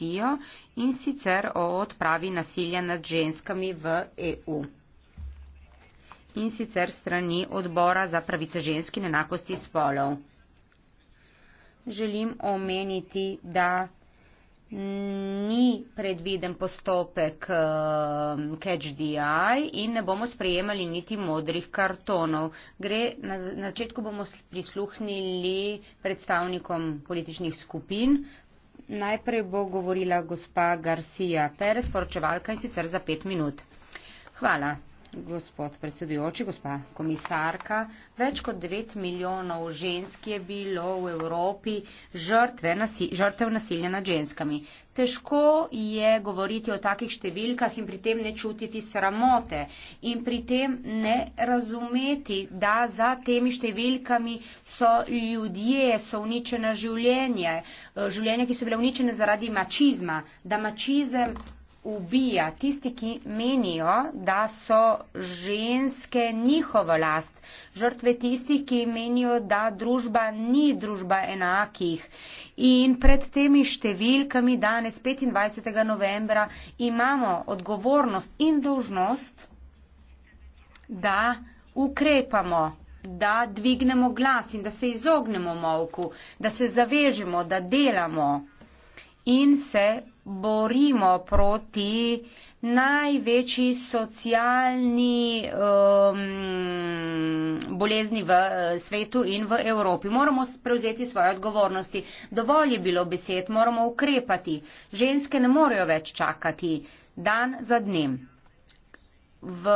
obvestijo in sicer o odpravi nasilja nad ženskami v EU. In sicer strani odbora za pravice ženski in enakosti spolov. Želim omeniti, da ni predviden postopek um, catch the eye in ne bomo sprejemali niti modrih kartonov. Gre, na začetku bomo prisluhnili predstavnikom političnih skupin, Najprej bo govorila gospa Garcia Perez, poročevalka in sicer za pet minut. Hvala. Gospod predsedujoči, gospa komisarka, več kot 9 milijonov žensk je bilo v Evropi žrtve, nasi, žrtev nasilja nad ženskami težko je govoriti o takih številkah in pri tem ne čutiti sramote in pri tem ne razumeti, da za temi številkami so ljudje, so uničena življenja, eh, življenja, ki so bile uničene zaradi mačizma, da mačizem ubija tisti, ki menijo, da so ženske njihovo last, žrtve tistih, ki menijo, da družba ni družba enakih. In pred temi številkami danes, 25. novembra, imamo odgovornost in dožnost, da ukrepamo da dvignemo glas in da se izognemo molku, da se zavežemo, da delamo in se borimo proti največji socialni um, bolezni v eh, svetu in v Evropi. Moramo prevzeti svoje odgovornosti. Dovolj je bilo besed, moramo ukrepati. Ženske ne morejo več čakati dan za dnem v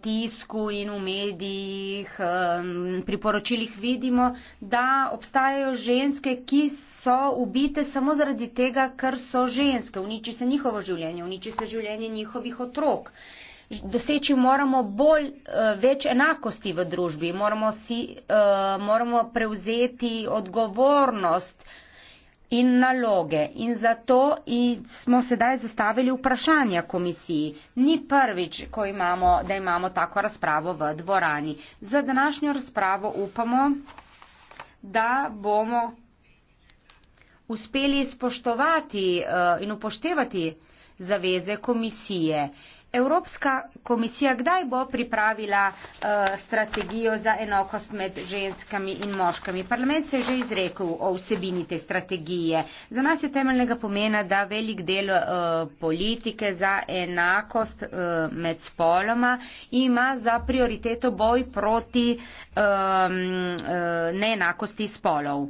tisku in v medijih, priporočilih vidimo, da obstajajo ženske, ki so ubite samo zaradi tega, ker so ženske. Uniči se njihovo življenje, uniči se življenje njihovih otrok. Doseči moramo bolj, eh, več enakosti v družbi, moramo, si, eh, moramo prevzeti odgovornost in naloge. In zato in smo sedaj zastavili vprašanja komisiji. Ni prvič, imamo, da imamo tako razpravo v dvorani. Za današnjo razpravo upamo, da bomo uspeli spoštovati uh, in upoštevati zaveze komisije. Uh, Evropska komisija kdaj bo pripravila uh, strategijo za enakost med ženskami in moškami? Parlament se je že izrekel o vsebini te strategije. Za nas je temeljnega pomena, da velik del uh, politike za enakost uh, med spoloma ima za prioriteto boj proti um, uh, neenakosti spolov.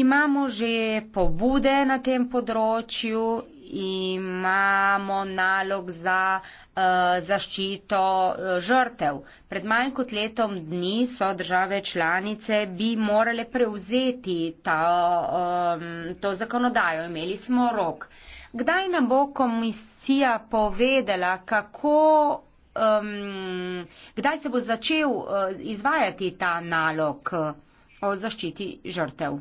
Imamo že pobude na tem področju, imamo nalog za uh, zaščito eh, žrtev. Pred manj kot letom dni so države članice bi morale prevzeti ta, um, to zakonodajo. Imeli smo rok. Kdaj nam bo komisija povedala, kako, um, kdaj se bo začel uh, izvajati ta nalog uh, o zaščiti žrtev?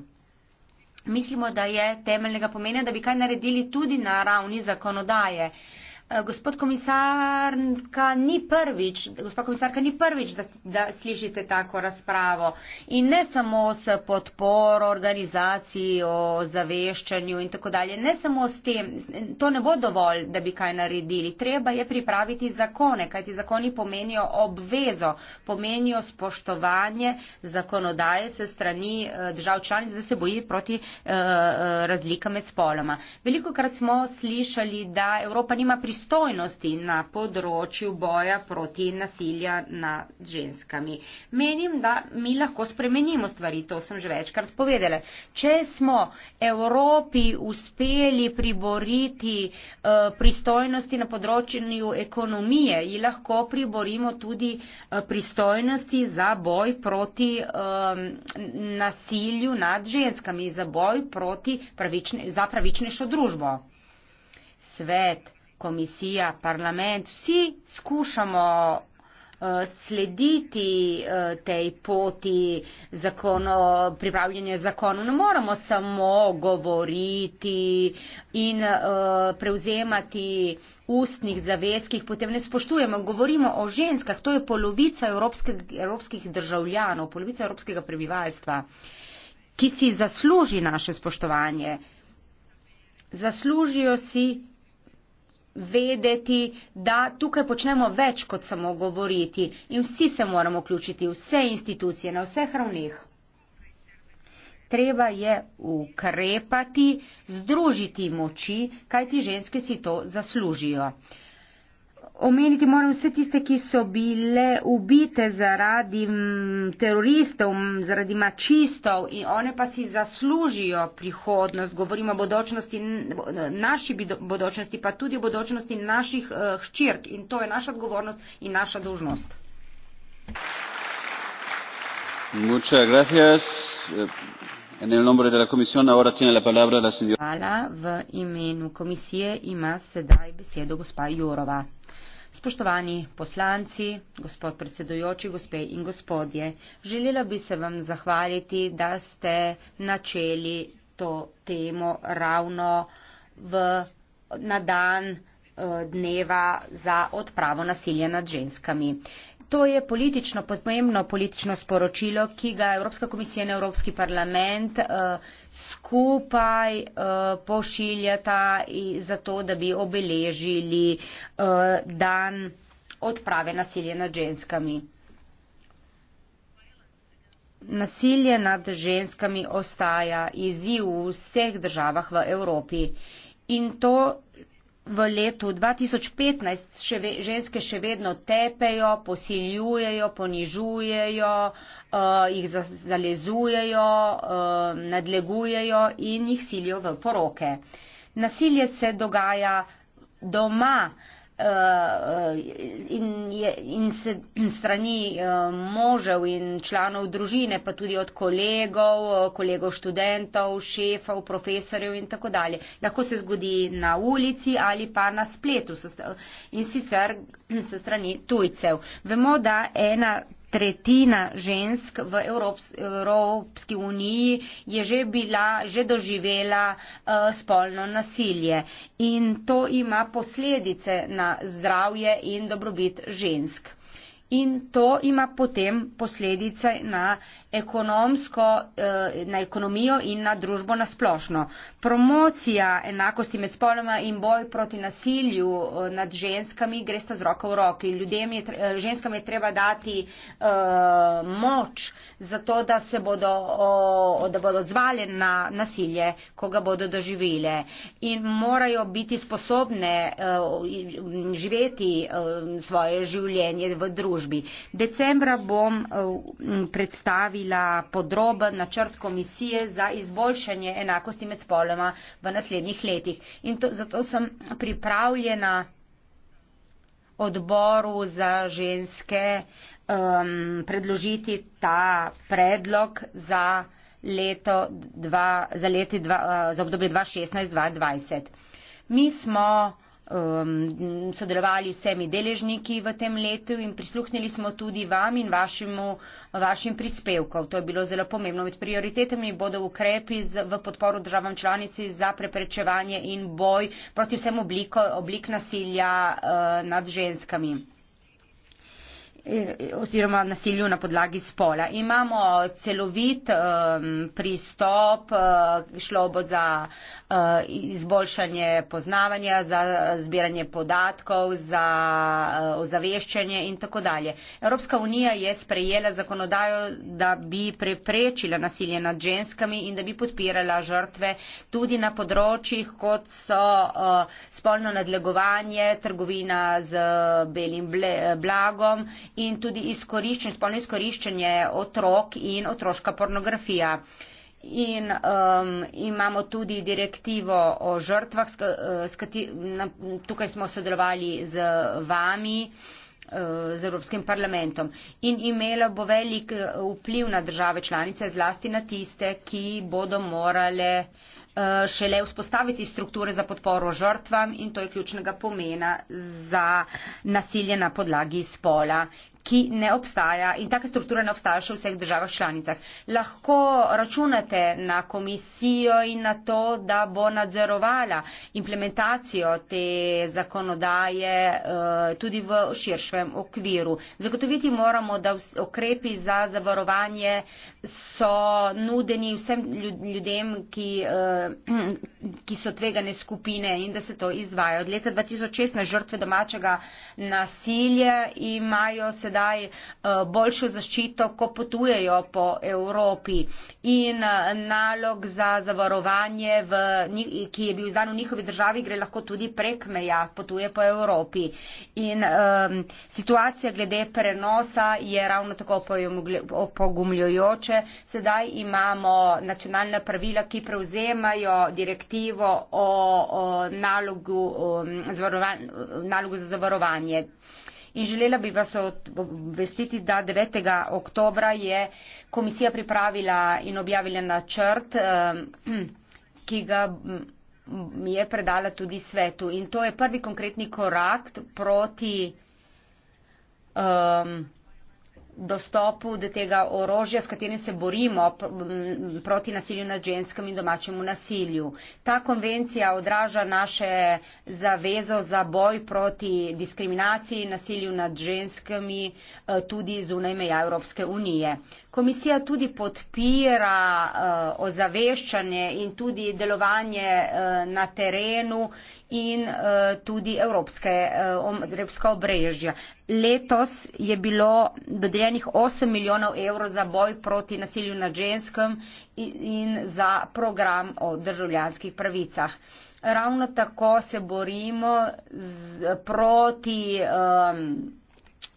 Mislimo, da je temeljnega pomena, da bi kaj naredili tudi na ravni zakonodaje. Eh, gospod komisarka, ni prvič, gospod komisarka, ni prvič, da, da slišite tako razpravo in ne samo s podporo organizaciji o zaveščanju in tako dalje, ne samo s tem, to ne bo dovolj, da bi kaj naredili, treba je pripraviti zakone, kajti zakoni pomenijo obvezo, pomenijo spoštovanje zakonodaje se strani eh, držav članic, da se boji proti eh, eh razlika med spoloma pristojnosti na področju boja proti nasilja nad ženskami. Menim, da mi lahko spremenimo stvari, to sem že večkrat povedala. Če smo Evropi uspeli priboriti uh, pristojnosti na področju ekonomije, ji lahko priborimo tudi uh, pristojnosti za boj proti um, nasilju nad ženskami, za boj proti pravične, za pravičnejšo družbo. Svet komisija, parlament, vsi skušamo eh, slediti eh, tej poti zakonu, pripravljanja zakonu. Ne moramo samo govoriti in eh, prevzemati ustnih zavez, ki jih potem ne spoštujemo. Govorimo o ženskah, to je polovica evropskih, evropskih državljanov, polovica evropskega prebivalstva, ki si zasluži naše spoštovanje. Zaslužijo si vedeti, da tukaj počnemo več kot samo govoriti in vsi se moramo vključiti, vse institucije na vseh ravneh. Treba je ukrepati, združiti moči, kajti ženske si to zaslužijo omeniti moram vse tiste, ki so bile ubite zaradi teroristov, zaradi mačistov in one pa si zaslužijo prihodnost. Govorimo o bodočnosti, naši bodočnosti, pa tudi o bodočnosti naših eh, hčirk in to je naša odgovornost in naša dolžnost. Eh, Hvala. V imenu komisije ima sedaj besedo gospa Jurova. Spoštovani poslanci, gospod predsedujoči, gospe in gospodje, želela bi se vam zahvaliti, da ste načeli to temo ravno v, na dan eh, dneva za odpravo nasilja nad ženskami to je politično, pomembno politično sporočilo, ki ga Evropska komisija in Evropski parlament uh, skupaj uh, pošiljata zato, da bi obeležili uh, dan odprave nasilja nad ženskami. Nasilje nad ženskami ostaja izziv v vseh državah v Evropi in to v letu 2015 še ve, ženske še vedno tepejo, posiljujejo, ponižujejo, uh, jih zalezujejo, uh, nadlegujejo in jih silijo v poroke. Nasilje se dogaja doma, uh, Eh, in, je, in se strani eh, možev in članov družine, pa tudi od kolegov, eh, kolegov študentov, šefov, profesorjev in tako dalje. Lahko se zgodi na ulici ali pa na spletu in sicer se strani tujcev. Vemo, da ena tretjina žensk v Evropski uniji je že bila, že doživela eh, spolno nasilje in to ima posledice na zdravje in dobrobit žensk. In to ima potem posledice na, ekonomsko, eh, na ekonomijo in na družbo na splošno. Promocija enakosti med spoloma in boj proti nasilju eh, nad ženskami gresta z roko v roki. Je, eh, ženskam je treba dati uh, moč za to, da se bodo, uh, da bodo odzvali na nasilje, ko ga bodo doživile. In morajo biti sposobne uh, živeti uh, svoje življenje v družbi družbi. Decembra bom eh, predstavila podroben načrt komisije za izboljšanje enakosti med spoloma v naslednjih letih. In to, zato sem pripravljena odboru za ženske um, predložiti ta predlog za, leto dva, za, leti dva, eh, za obdobje 2016-2020. Mi smo um, sodelovali vsemi deležniki v tem letu in prisluhnili smo tudi vam in vašemu, vašim prispevkom. To je bilo zelo pomembno. Med prioritetami bodo ukrepi z, v podporu državam članici za preprečevanje in boj proti vsem obliko, oblik nasilja uh, nad ženskami oziroma nasilju na podlagi spola. Imamo celovit um, pristop, uh, šlo bo za uh, izboljšanje poznavanja, za zbiranje podatkov, za uh, ozaveščanje in tako dalje. Evropska unija je sprejela zakonodajo, da bi preprečila nasilje nad ženskami in da bi podpirala žrtve tudi na področjih, kot so uh, spolno nadlegovanje, trgovina z belim ble, blagom in tudi izkoriščen, spolno izkoriščenje otrok in otroška pornografija. In um, imamo tudi direktivo o žrtvah, skati, eh, na, tukaj smo sodelovali z vami, eh, z Evropskim parlamentom. In imela bo velik eh, vpliv na države članice, zlasti na tiste, ki bodo morale uh, Eh, šele vzpostaviti strukture za podporo žrtvam in to je ključnega pomena za nasilje na podlagi spola, ki ne obstaja in taka struktura ne obstaja še v vseh državah članicah. Lahko računate na komisijo in na to, da bo nadzorovala implementacijo te zakonodaje eh, tudi v širšem okviru. Zagotoviti moramo, da okrepi za zavarovanje so nudeni vsem ljudem, ki, eh, ki so tvegane skupine in da se to izvaja. Od leta 2016 žrtve domačega nasilja imajo se sedaj eh, boljšo zaščito, ko potujejo po Evropi in eh, nalog za zavarovanje, v, ki je bil izdan v njihovi državi, gre lahko tudi prek meja, potuje po Evropi. In um, situacija glede prenosa je ravno tako opogumljujoče. Sedaj imamo nacionalna pravila, ki prevzemajo direktivo o, o, nalogu, o zavarovan, nalogu za zavarovanje. In želela bi vas obvestiti, da 9. oktobra je komisija pripravila in objavila načrt, eh, ki ga mm, je predala tudi svetu. In to je prvi konkretni korak proti. Um, dostopu do tega orožja, s katerim se borimo proti nasilju nad ženskami in domačemu nasilju. Ta konvencija odraža naše zavezo za boj proti diskriminaciji in nasilju nad ženskami e, tudi zunaj meja Evropske unije. Komisija tudi podpira e, ozaveščanje in tudi delovanje e, na terenu in eh, tudi evropske, eh, evropska obrežja. Letos je bilo dodeljenih 8 milijonov evrov za boj proti nasilju na ženskem in za program o državljanskih pravicah. Ravno tako se borimo z, proti um,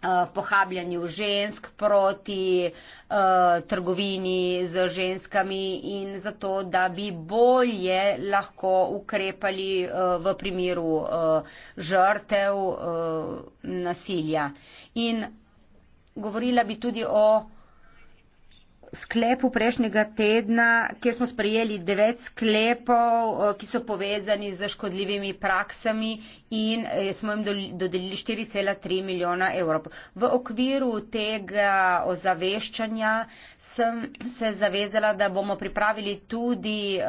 Eh, pohabljanju žensk, proti uh, trgovini z ženskami in zato, da bi bolje lahko ukrepali uh, v primeru uh, žrtev uh, nasilja. In govorila bi tudi o sklepu prejšnjega tedna, kjer smo sprejeli devet sklepov, eh, ki so povezani z škodljivimi praksami in eh, smo jim dodelili 4,3 milijona evrov. V okviru tega ozaveščanja sem se zavezala, da bomo pripravili tudi eh,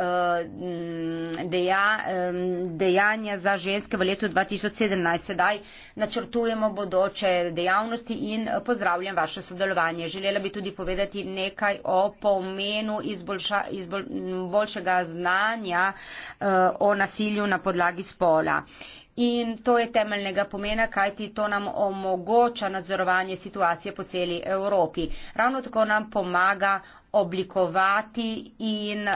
dejanja za ženske v letu 2017. Sedaj načrtujemo bodoče dejavnosti in pozdravljam vaše sodelovanje. Želela bi tudi povedati nekaj vsaj o pomenu izboljšega znanja eh, o nasilju na podlagi spola. In to je temeljnega pomena, kajti to nam omogoča nadzorovanje situacije po celi Evropi. Ravno tako nam pomaga oblikovati in uh,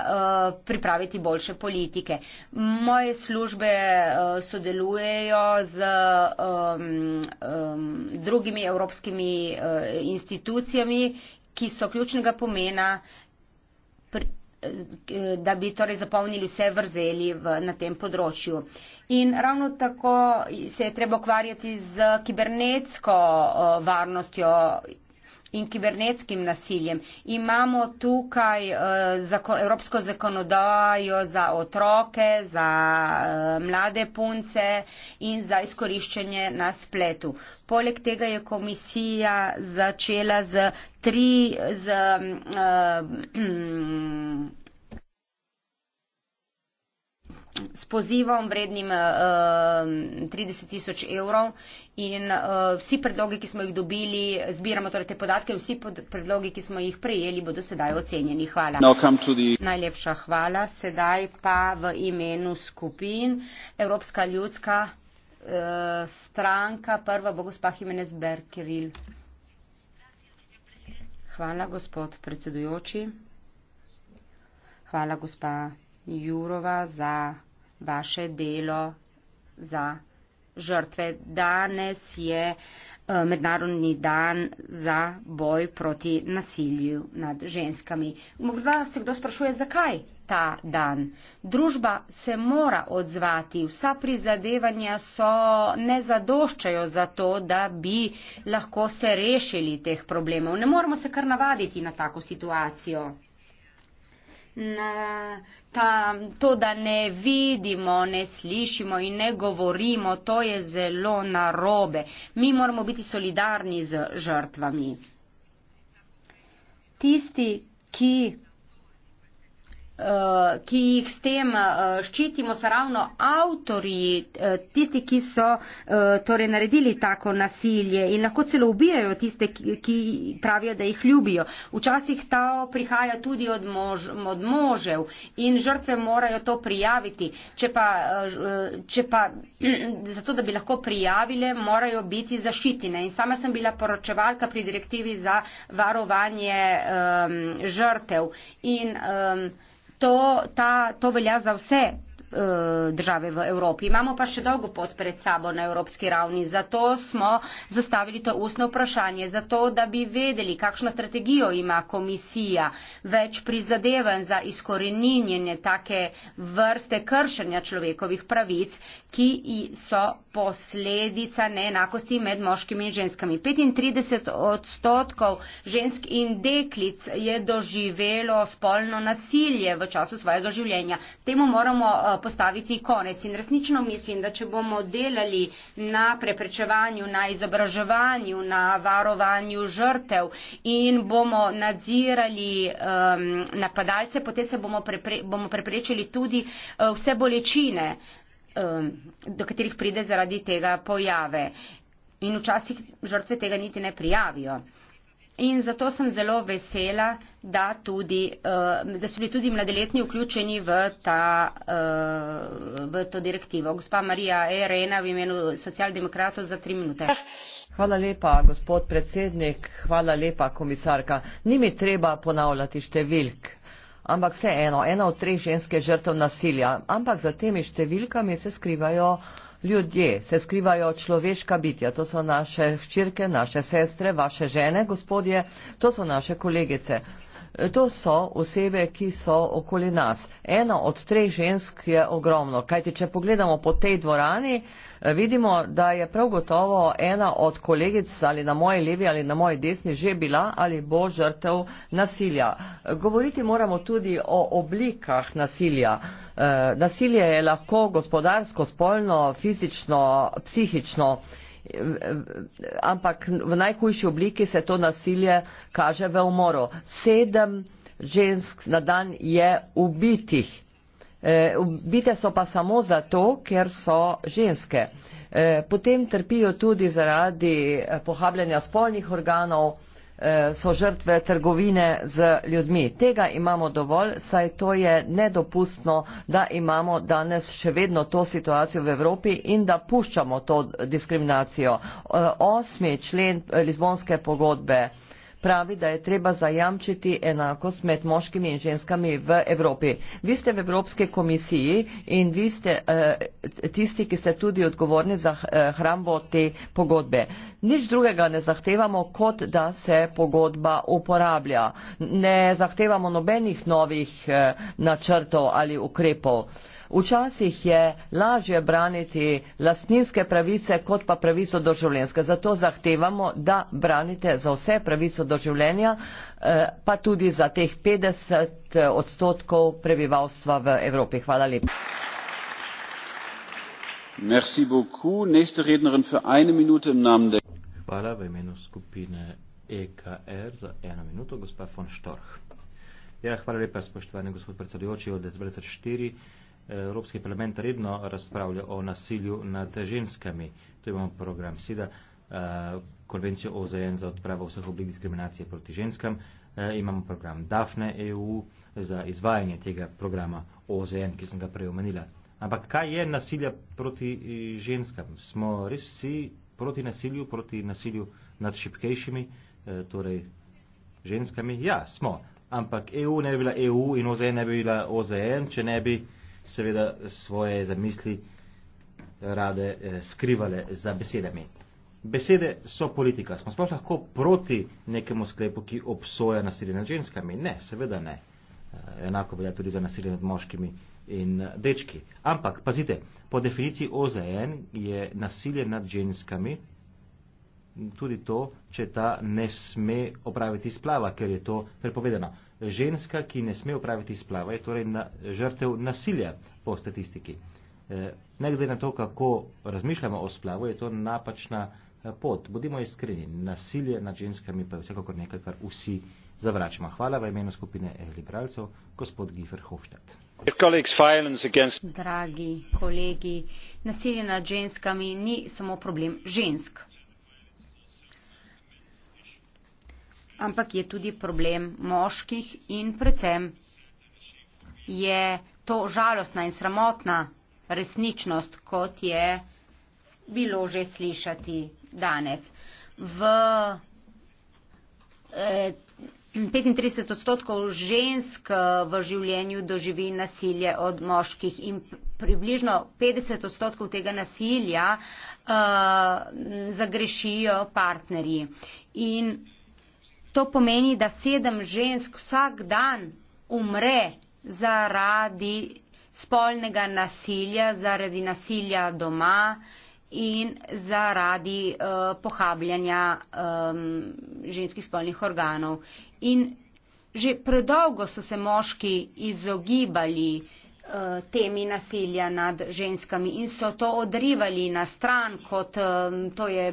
pripraviti boljše politike. Moje službe uh, sodelujejo z um, um, drugimi evropskimi uh, institucijami ki so ključnega pomena, eh, da bi torej zapolnili vse vrzeli v, na tem področju. In ravno tako se je treba ukvarjati z kibernetsko eh, varnostjo in kibernetskim nasiljem. Imamo tukaj uh, zakon, evropsko zakonodajo za otroke, za uh, mlade punce in za izkoriščanje na spletu. Poleg tega je komisija začela z tri. Z, uh, um, S pozivom vrednim uh, 30 tisoč evrov in uh, vsi predlogi, ki smo jih dobili, zbiramo torej te podatke, vsi pod predlogi, ki smo jih prejeli, bodo sedaj ocenjeni. Hvala. The... Najlepša hvala. Sedaj pa v imenu skupin Evropska ljudska uh, stranka, prva bo gospa Jimenez Berkeril. Hvala, gospod predsedujoči. Hvala, gospa Jurova, za vaše delo za žrtve. Danes je eh, mednarodni dan za boj proti nasilju nad ženskami. Morda se kdo sprašuje, zakaj ta dan. Družba se mora odzvati, vsa prizadevanja so ne zadoščajo za to, da bi lahko se rešili teh problemov. Ne moramo se kar navaditi na tako situacijo. Ta, to, da ne vidimo, ne slišimo in ne govorimo, to je zelo narobe. Mi moramo biti solidarni z žrtvami. Tisti, ki Eh, ki jih s tem eh, ščitimo, so ravno avtori, eh, tisti, ki so torej, naredili tako nasilje in lahko celo ubijajo tiste, ki pravijo, da jih ljubijo. Včasih to prihaja tudi od, mož, od možev in žrtve morajo to prijaviti. Če pa, če pa zato, da bi lahko prijavile, morajo biti zaščitene. In sama sem bila poročevalka pri direktivi za varovanje um, žrtev. In, um, to, ta, to velja za vse Eh, države v Evropi. Imamo pa še dolgo pot pred sabo na evropski ravni, zato smo zastavili to ustno vprašanje, zato da bi vedeli, kakšno strategijo ima komisija več prizadevanj za izkoreninjenje take vrste kršenja človekovih pravic, ki so posledica neenakosti med moškimi in ženskami. 35 odstotkov žensk in deklic je doživelo spolno nasilje v času svojega življenja. Temu moramo eh, postaviti konec. In resnično mislim, da če bomo delali na preprečevanju, na izobraževanju, na varovanju žrtev in bomo nadzirali um, napadalce, potem se bomo, prepre, bomo preprečili tudi uh, vse bolečine, um, do katerih pride zaradi tega pojave. In včasih žrtve tega niti ne prijavijo in zato sem zelo vesela, da, tudi, eh, da so bili tudi mladoletni vključeni v, ta, eh, v to direktivo. Gospa Marija Erena v imenu socialdemokratov za tri minute. Hvala lepa, gospod predsednik, hvala lepa, komisarka. Ni mi treba ponavljati številk, ampak vse eno, ena od treh ženske žrtev nasilja. Ampak za temi številkami se skrivajo ljudje, se skrivajo človeška bitja, to so naše hčirke, naše sestre, vaše žene, gospodje, to so naše kolegice. To so osebe, ki so okoli nas. Eno od treh žensk je ogromno. Kajti, če pogledamo po tej dvorani, eh, vidimo, da je prav gotovo ena od kolegic ali na moji levi ali na moji desni že bila ali bo žrtev nasilja. Govoriti moramo tudi o oblikah nasilja. Eh, nasilje je lahko gospodarsko, spolno, fizično, psihično ampak v najhujši obliki se to nasilje kaže v umoru. Sedem žensk na dan je ubitih. E, ubite so pa samo zato, ker so ženske. E, potem trpijo tudi zaradi e, pohabljanja spolnih organov, Eh, so žrtve trgovine z ljudmi. Tega imamo dovolj, saj to je nedopustno, da imamo danes še vedno to situacijo v Evropi in da puščamo to diskriminacijo. Eh, osmi člen Lizbonske pogodbe pravi, da je treba zajamčiti enakost med moškimi in ženskami v Evropi. Vi ste v Evropske komisiji in vi ste uh, tisti, ki ste tudi odgovorni za uh, hrambo te pogodbe. Nič drugega ne zahtevamo, kot da se pogodba uporablja. Ne zahtevamo nobenih novih uh, načrtov ali ukrepov. Uh, včasih je lažje braniti lastninske pravice kot pa pravico do življenjske. Zato zahtevamo, da branite za vse pravico do življenja, eh, pa tudi za teh 50 eh, odstotkov prebivalstva v Evropi. Hvala lepa. Merci beaucoup. Nächste Rednerin für eine Minute im Namen der. Hvala v imenu skupine EKR za eno minuto, gospod von Storch. Ja, hvala lepa, spoštovani gospod predsedujoči od 24. Evropski parlament redno razpravlja o nasilju nad ženskami. To imamo program SIDA, eh, konvencijo OZN za odpravo vseh oblik diskriminacije proti ženskam, eh, imamo program DAFNE EU za izvajanje tega programa OZN, ki sem ga prej omenila. Ampak kaj je nasilje proti eh, ženskam? Smo res vsi proti nasilju, proti nasilju nad šipkejšimi, torej ženskami? Ja, smo. Ampak EU ne bi bila EU in OZN ne bi bila OZN, če ne bi uh, seveda svoje zamisli rade eh, skrivale za besedami. Besede so politika. Smo sploh lahko proti nekemu sklepu, ki obsoja nasilje nad ženskami? Ne, seveda ne. Eh, enako velja tudi za nasilje nad moškimi in eh, dečki. Ampak, pazite, po definiciji OZN je nasilje nad ženskami tudi to, če ta ne sme opraviti splava, ker je to prepovedano ženska, ki ne sme upraviti splava, je torej na, žrtev nasilja po statistiki. E, Nekde na to, kako razmišljamo o splavu, je to napačna e, pot. Bodimo iskreni, nasilje nad ženskami pa je vsekakor nekaj, kar vsi zavračamo. Hvala v imenu skupine liberalcev, gospod Gifer Hofstadt. Dragi kolegi, nasilje nad ženskami ni samo problem žensk. ampak je tudi problem moških in predvsem je to žalostna in sramotna resničnost, kot je bilo že slišati danes. V eh, 35 odstotkov žensk eh, v življenju doživi nasilje od moških in približno 50 odstotkov tega nasilja uh, zagrešijo partnerji. In To pomeni, da sedem žensk vsak dan umre zaradi spolnega nasilja, zaradi nasilja doma in zaradi uh, pohabljanja um, ženskih spolnih organov. In že predolgo so se moški izogibali uh, Eh, temi nasilja nad ženskami in so to odrivali na stran, kot to je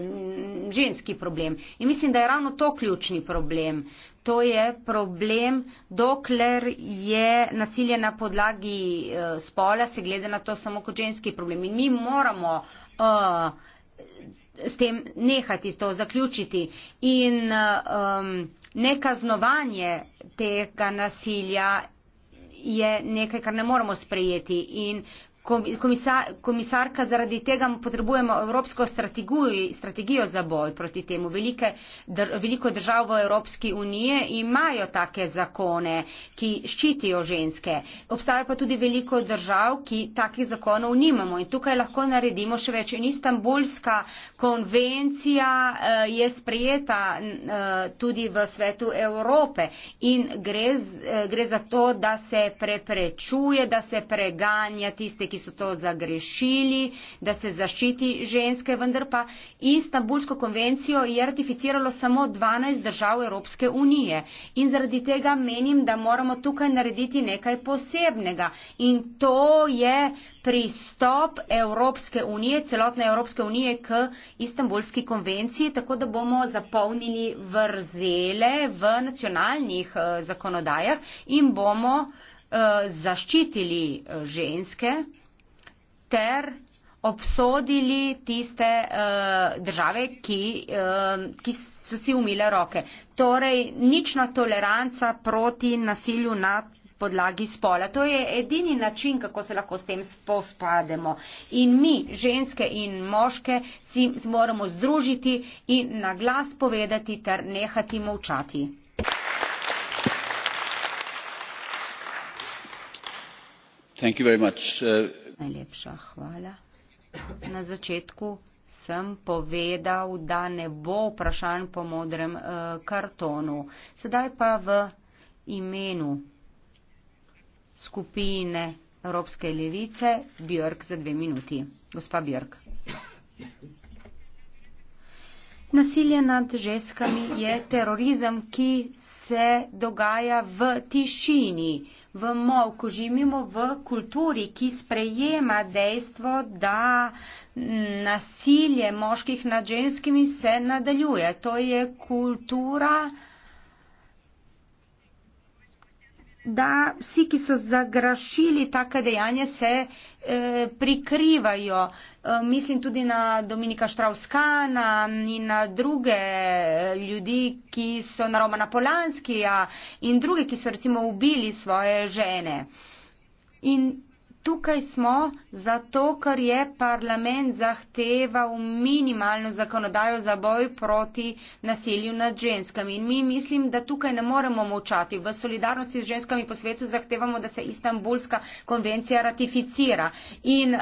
ženski problem. In mislim, da je ravno to ključni problem. To je problem, dokler je nasilje na podlagi eh, spola, se glede na to samo kot ženski problem. In mi moramo uh, s tem nehati, s to zaključiti. In um, nekaznovanje tega nasilja je nekaj, kar ne moremo sprejeti. In komisarka, zaradi tega potrebujemo evropsko strategijo za boj proti temu. Velike, dr, veliko držav v Evropski uniji imajo take zakone, ki ščitijo ženske. Obstaja pa tudi veliko držav, ki takih zakonov nimamo in tukaj lahko naredimo še več. In Istanbulska konvencija eh, je sprejeta eh, tudi v svetu Evrope in gre, eh, gre za to, da se preprečuje, da se preganja tiste, ki so to zagrešili, da se zaščiti ženske, vendar pa Istanbulsko konvencijo je ratificiralo samo 12 držav Evropske unije. In zaradi tega menim, da moramo tukaj narediti nekaj posebnega. In to je pristop Evropske unije, celotne Evropske unije k Istanbulski konvenciji, tako da bomo zapolnili vrzele v nacionalnih eh, zakonodajah in bomo uh, zaščitili eh, ženske ter obsodili tiste uh, države, ki, uh, ki so si umile roke. Torej, nična toleranca proti nasilju na podlagi spola. To je edini način, kako se lahko s tem spospademo. In mi, ženske in moške, si moramo združiti in na glas povedati ter nehati molčati. Thank you very much. Uh, Najlepša hvala. Na začetku sem povedal, da ne bo vprašanj po modrem uh, kartonu. Sedaj pa v imenu skupine Evropske levice Björk za dve minuti. Gospa Björk. Nasilje nad ženskami je terorizem, ki se dogaja v tišini. Uh, v molku, živimo v kulturi, ki sprejema dejstvo, da nasilje moških nad ženskimi se nadaljuje. To je kultura, da vsi, ki so zagrašili take dejanja, se e, prikrivajo. E, mislim tudi na Dominika Štravskana in na druge eh, ljudi, ki so na Romana Polanskija in druge, ki so recimo ubili svoje žene. In Tukaj smo zato, ker je parlament zahteval minimalno zakonodajo za boj proti nasilju nad ženskami. In mi mislim, da tukaj ne moremo močati. V solidarnosti z ženskami po svetu zahtevamo, da se Istanbulska konvencija ratificira. In uh,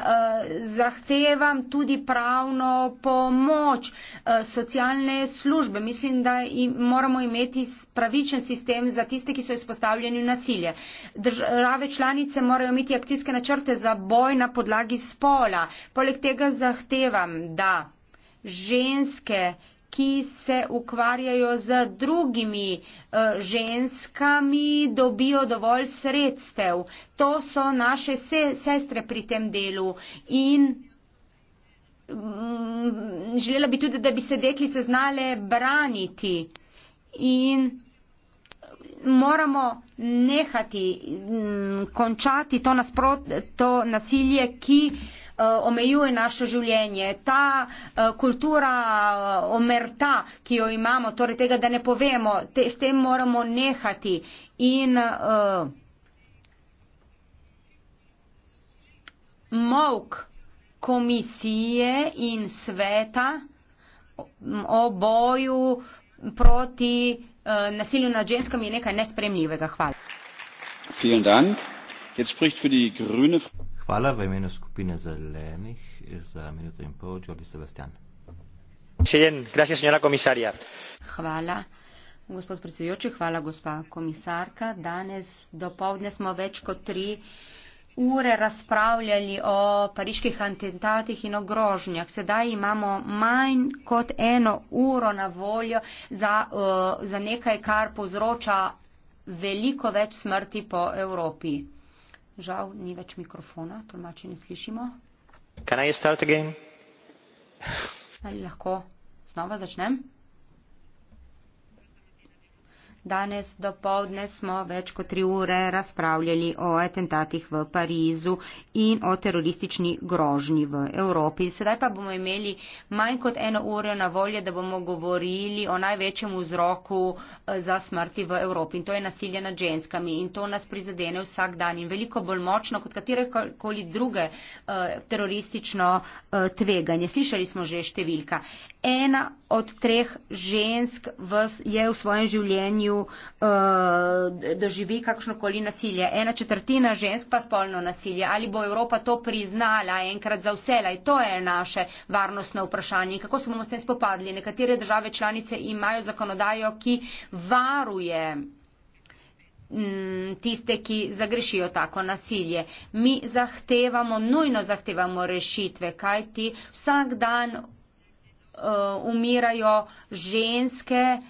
zahtevam tudi pravno pomoč uh, socialne službe. Mislim, da im, moramo imeti pravičen sistem za tiste, ki so izpostavljeni v nasilje. Države članice morajo imeti akcijske načrte načrte za boj na podlagi spola. Poleg tega zahtevam, da ženske, ki se ukvarjajo z drugimi eh, ženskami, dobijo dovolj sredstev. To so naše se sestre pri tem delu. In mm, želela bi tudi, da bi se deklice znale braniti. In moramo nehati mm, končati to, nasprot, to nasilje, ki eh, omejuje naše življenje. Ta eh, kultura eh, omerta, ki jo imamo, torej tega, da ne povemo, te, s tem moramo nehati. In uh, mok komisije in sveta o boju proti uh, nasilju nad ženskami je nekaj nespremljivega. Hvala. Hvala v imenu skupine zelenih za minuto in pol, Jordi Sebastian. Hvala, gospod predsedujoči, hvala, gospa komisarka. Danes do povdne smo več kot tri ure razpravljali o pariških atentatih in o grožnjah. Sedaj imamo manj kot eno uro na voljo za, uh, za nekaj, kar povzroča veliko več smrti po Evropi. Žal, ni več mikrofona, tolmači ne slišimo. Ali lahko znova začnem? Danes do povdne smo več kot tri ure razpravljali o atentatih v Parizu in o teroristični grožnji v Evropi. Sedaj pa bomo imeli manj kot eno uro na volje, da bomo govorili o največjem vzroku eh, za smrti v Evropi in to je nasilje nad ženskami in to nas prizadene vsak dan in veliko bolj močno kot katerekoli druge eh, teroristično eh, tveganje. Slišali smo že številka. Ena od treh žensk v, je v svojem življenju uh, eh, doživi kakršnokoli nasilje. Ena četrtina žensk pa spolno nasilje. Ali bo Evropa to priznala enkrat za vselej? To je naše varnostno vprašanje. Kako se bomo s tem spopadli? Nekatere države članice imajo zakonodajo, ki varuje mm, tiste, ki zagrešijo tako nasilje. Mi zahtevamo, nujno zahtevamo rešitve, kajti vsak dan uh, umirajo ženske, uh,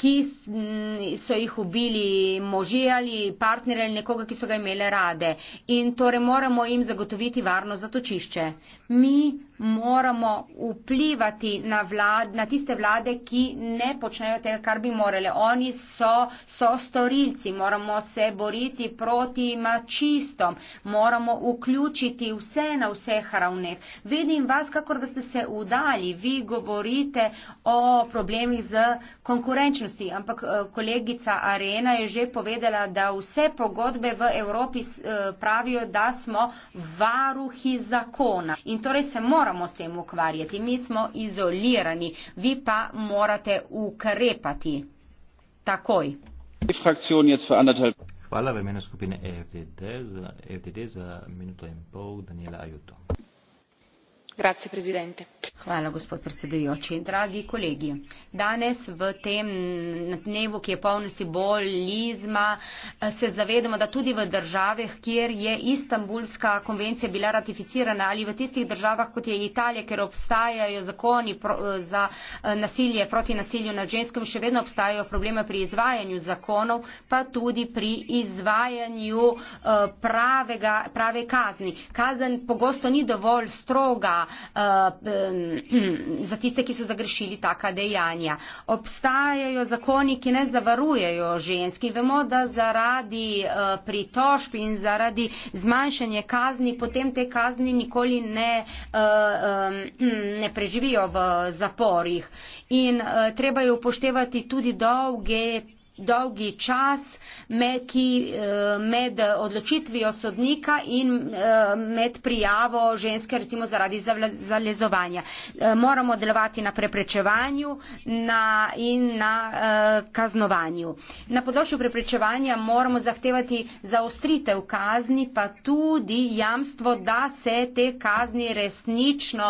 ki mm, so jih ubili moži ali partnere ali nekoga, ki so ga imele rade. In torej moramo jim zagotoviti varno zatočišče. Mi moramo vplivati na, vlad, na tiste vlade, ki ne počnejo tega, kar bi morele. Oni so, so storilci, moramo se boriti proti mačistom, moramo vključiti vse na vseh ravneh. Vidim vas, kako da ste se udali, vi govorite o problemih z konkurenčnostjo budućnosti, ampak eh, kolegica Arena je že povedala, da vse pogodbe v Evropi eh, pravijo, da smo varuhi zakona in torej se moramo s tem ukvarjati. Mi smo izolirani, vi pa morate ukrepati takoj. Hvala v imenu skupine e FDD za, e FDD za minuto in pol Daniela Ajuto. Grazie, Hvala, gospod predsedujoči. Dragi kolegi, danes v tem dnevu, ki je poln simbolizma, se zavedamo, da tudi v državah, kjer je Istanbulska konvencija bila ratificirana ali v tistih državah, kot je Italija, kjer obstajajo zakoni za eh, nasilje proti nasilju nad ženskom, še vedno obstajajo probleme pri izvajanju zakonov, pa tudi pri izvajanju eh, pravega, prave kazni. Kazen pogosto ni dovolj stroga. Uh, um, za tiste, ki so zagrešili taka dejanja. Obstajajo zakoni, ki ne zavarujejo ženski. Vemo, da zaradi eh, pritožb in zaradi zmanjšanje kazni, potem te kazni nikoli ne, eh, ne preživijo v zaporih. In eh, treba je upoštevati tudi dolge dolgi čas med, ki, eh, med odločitvijo sodnika in eh, med prijavo ženske recimo zaradi zalezovanja. Eh, moramo delovati na preprečevanju na, in na kaznovanju. Na področju preprečevanja moramo zahtevati zaostritev kazni pa tudi jamstvo, da se te kazni resnično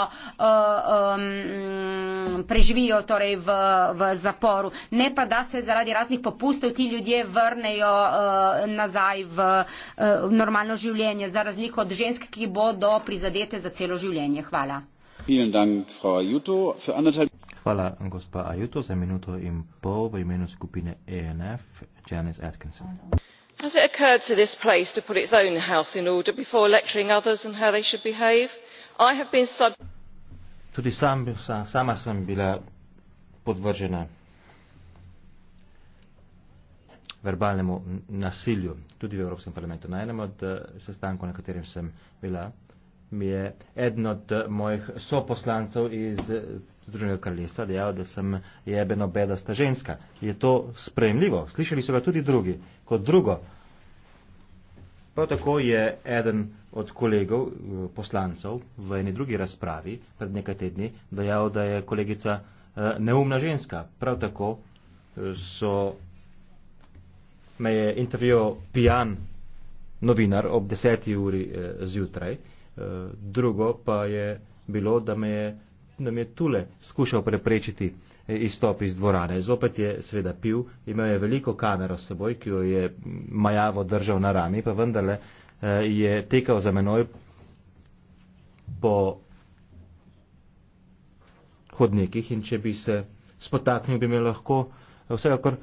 preživijo torej v, v zaporu. Ne pa da se zaradi raznih popolnosti dopustov ti ljudje vrnejo uh, nazaj v, uh, eh, v normalno življenje, za razliko od žensk, ki bodo prizadete za celo življenje. Hvala. Hvala, gospa Ajuto, za minuto in pol v imenu skupine ENF, Janice Atkinson. Has it occurred to this place to put its own house in order before lecturing others on how they should behave? I have been sub- Tudi sam, sama sem bila podvržena verbalnemu nasilju, tudi v Evropskem parlamentu. Na enem od eh, sestankov, na katerem sem bila, mi je eden od eh, mojih soposlancev iz eh, Združenega kraljestva dejal, da sem jebeno bedasta ženska. Je to sprejemljivo? Slišali so ga tudi drugi. Kot drugo, prav tako je eden od kolegov poslancev v eni drugi razpravi pred nekaj tedni dejal, da je kolegica neumna ženska. Prav tako so me je intervjuval pijan novinar ob 10. uri e, zjutraj, e, drugo pa je bilo, da me je, da me je tule skušal preprečiti eh, izstop iz dvorane. Zopet je sveda pil, imel je veliko kamero s seboj, ki jo je mm, majavo držal na rami, pa vendarle e, je tekal za menoj po hodnikih in če bi se spotaknil, bi me lahko vsekakor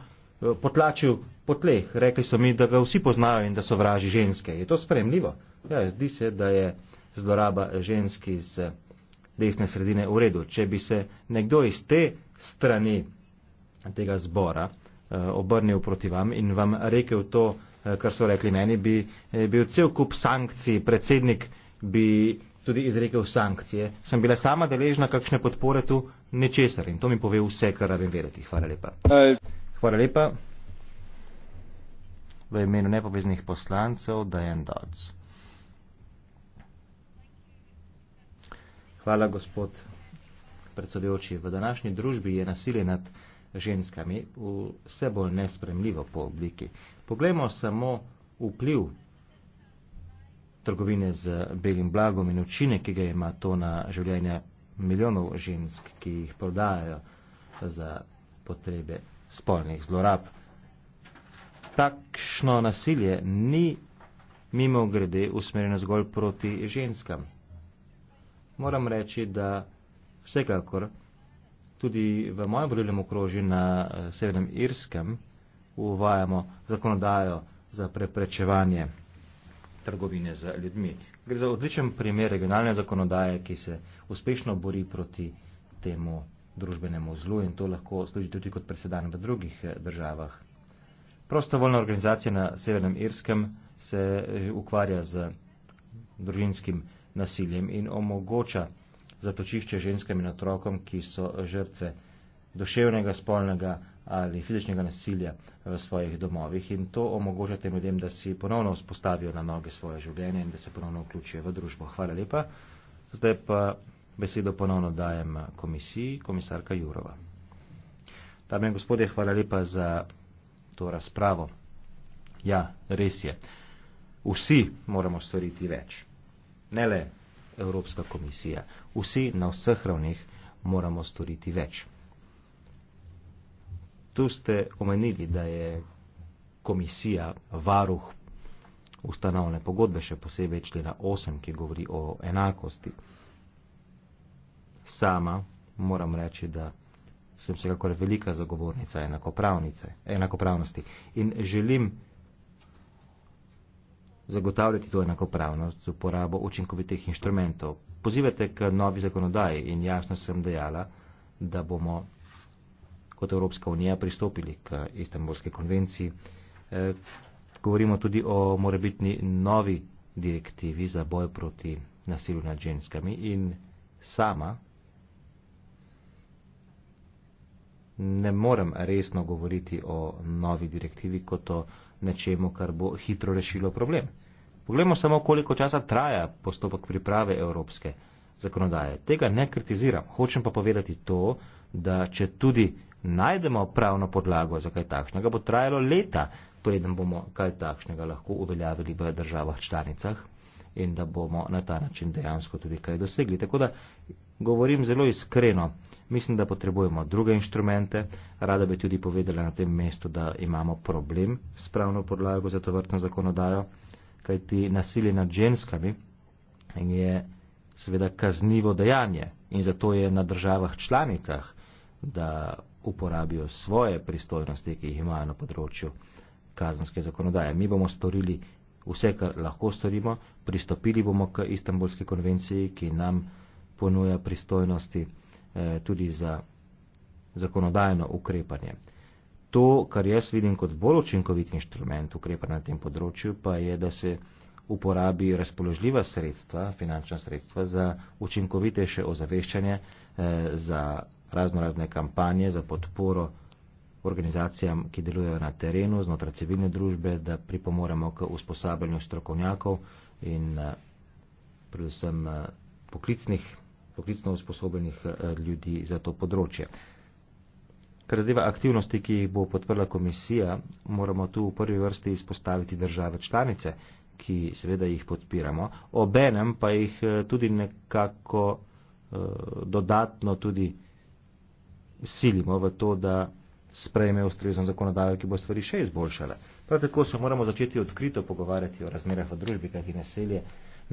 potlačil po tleh. Rekli so mi, da ga vsi poznajo in da so vraži ženske. Je to spremljivo? Ja, zdi se, da je zloraba ženski iz eh, desne sredine v redu. Če bi se nekdo iz te strani tega zbora eh, obrnil proti vam in vam rekel to, eh, kar so rekli meni, bi bil cel kup sankcij, predsednik bi tudi izrekel sankcije. Sem bila sama deležna kakšne podpore tu, nečesar in to mi pove vse, kar rabim vedeti. Hvala lepa. Hvala lepa v imenu nepoveznih poslancev Dajan Dodds. Hvala, gospod predsedujoči. V današnji družbi je nasilje nad ženskami vse bolj nespremljivo po obliki. Poglejmo samo vpliv trgovine z belim blagom in učine, ki ga ima to na življenja milijonov žensk, ki jih prodajajo za potrebe spolnih zlorab takšno nasilje ni mimo grede usmerjeno zgolj proti ženskam. Moram reči, da vsekakor tudi v mojem volilnem okrožju na eh, Severnem Irskem uvajamo zakonodajo za preprečevanje trgovine z ljudmi. Gre za odličen primer regionalne zakonodaje, ki se uspešno bori proti temu družbenemu zlu in to lahko služi tudi kot presedan v drugih eh, državah. Prostovoljna organizacija na Severnem Irskem se eh, ukvarja z družinskim nasiljem in omogoča zatočišče ženskam in otrokom, ki so žrtve duševnega, spolnega ali fizičnega nasilja v svojih domovih in to omogoča tem ljudem, da si ponovno vzpostavijo na noge svoje življenje in da se ponovno vključijo v družbo. Hvala lepa. Zdaj pa besedo ponovno dajem komisiji, komisarka Jurova. Dame in gospodje, hvala lepa za to razpravo. Ja, res je. Vsi moramo storiti več. Ne le Evropska komisija. Vsi na vseh ravneh moramo storiti več. Tu ste omenili, da je komisija varuh ustanovne pogodbe, še posebej člena 8, ki govori o enakosti. Sama moram reči, da sem vsekakor velika zagovornica enakopravnosti in želim zagotavljati to enakopravnost z uporabo učinkovitih inštrumentov. Pozivate k novi zakonodaji in jasno sem dejala, da bomo kot Evropska unija pristopili k Istanbulske konvenciji. E, govorimo tudi o morebitni novi direktivi za boj proti nasilju nad ženskami in sama ne morem resno govoriti o novi direktivi kot o nečemu, kar bo hitro rešilo problem. Poglejmo samo, koliko časa traja postopek priprave evropske zakonodaje. Tega ne kritiziram. Hočem pa povedati to, da če tudi najdemo pravno podlago za kaj takšnega, bo trajalo leta, preden bomo kaj takšnega lahko uveljavili v državah članicah in da bomo na ta način dejansko tudi kaj dosegli. Tako da govorim zelo iskreno mislim, da potrebujemo druge inštrumente. Rada bi tudi povedala na tem mestu, da imamo problem s pravno podlago za to vrtno zakonodajo, kajti nasilje nad ženskami je seveda kaznivo dejanje in zato je na državah članicah, da uporabijo svoje pristojnosti, ki jih imajo na področju kazenske zakonodaje. Mi bomo storili vse, kar lahko storimo, pristopili bomo k Istanbulski konvenciji, ki nam ponuja pristojnosti. Eh, tudi za zakonodajno ukrepanje. To, kar jaz vidim kot bolj učinkovit inštrument ukrepanja na tem področju, pa je, da se uporabi razpoložljiva sredstva, finančna sredstva za učinkovitejše ozaveščanje, eh, za razno razne kampanje, za podporo organizacijam, ki delujejo na terenu znotraj civilne družbe, da pripomoremo k usposabljanju strokovnjakov in eh, predvsem poklicnih poklicno usposobenih eh, ljudi za to področje. Kar zadeva aktivnosti, ki jih bo podprla komisija, moramo tu v prvi vrsti izpostaviti države članice, ki seveda jih podpiramo, obenem pa jih eh, tudi nekako eh, dodatno tudi silimo v to, da sprejme ustrezno zakonodajo, ki bo stvari še izboljšala. Prav tako se moramo začeti odkrito pogovarjati o razmerah v družbi, kajti nasilje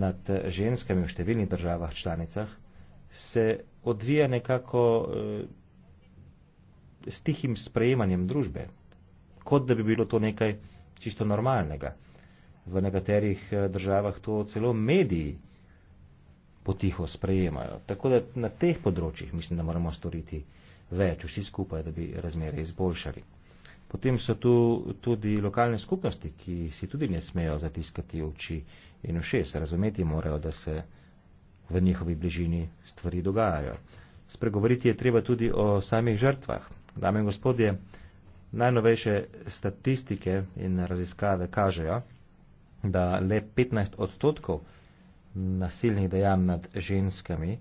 nad ženskami v številnih državah članicah se odvija nekako e, s tihim sprejemanjem družbe, kot da bi bilo to nekaj čisto normalnega. V nekaterih eh, državah to celo mediji potiho sprejemajo. Tako da na teh področjih mislim, da moramo storiti več vsi skupaj, da bi razmere izboljšali. Potem so tu tudi lokalne skupnosti, ki si tudi ne smejo zatiskati oči in všeč. Razumeti morajo, da se v njihovi bližini stvari dogajajo. Spregovoriti je treba tudi o samih žrtvah. Dame in gospodje, najnovejše statistike in raziskave kažejo, da le 15 odstotkov nasilnih dejanj nad ženskami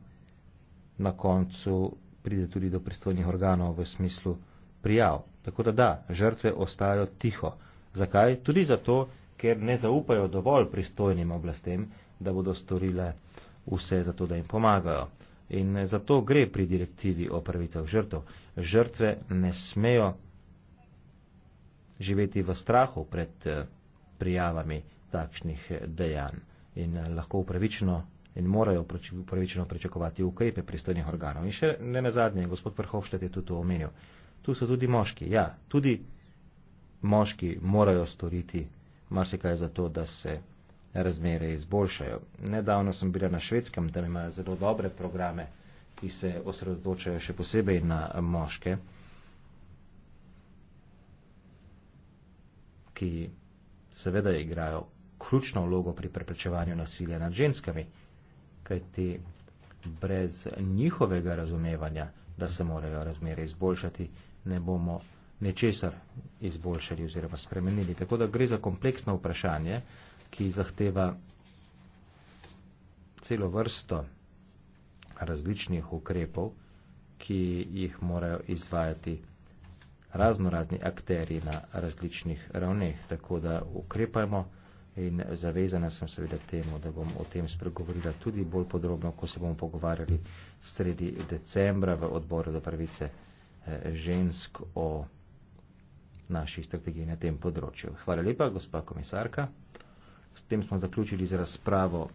na koncu pride tudi do pristojnih organov v smislu prijav. Tako da da, žrtve ostajajo tiho. Zakaj? Tudi zato, ker ne zaupajo dovolj pristojnim oblastem, da bodo storile uh, vse za to, da jim pomagajo. In eh, zato gre pri direktivi o pravicah žrtev. Žrtve ne smejo živeti v strahu pred eh, prijavami takšnih eh, dejanj in lahko upravičeno in morajo upravičeno pričakovati ukrepe pristojnih organov. In še ne na zadnje, gospod Vrhovštet je tudi to omenil. Tu so tudi moški. Ja, tudi moški morajo storiti marsikaj za to, da se razmere izboljšajo. Nedavno sem bila na švedskem, tam imajo zelo dobre programe, ki se osredotočajo še posebej na moške, ki seveda igrajo ključno vlogo pri preprečevanju nasilja nad ženskami, kajti brez njihovega razumevanja, da se morajo razmere izboljšati, ne bomo ničesar izboljšali oziroma spremenili. Tako da gre za kompleksno vprašanje ki zahteva celo vrsto različnih ukrepov, ki jih morajo izvajati razno razni akteri na različnih ravneh. Tako da ukrepajmo in zavezana sem seveda temu, da bom o tem spregovorila tudi bolj podrobno, ko se bomo pogovarjali sredi decembra v odboru za pravice eh, žensk o naši strategiji na tem področju. Hvala lepa, gospa komisarka. S tem smo zaključili z razpravo.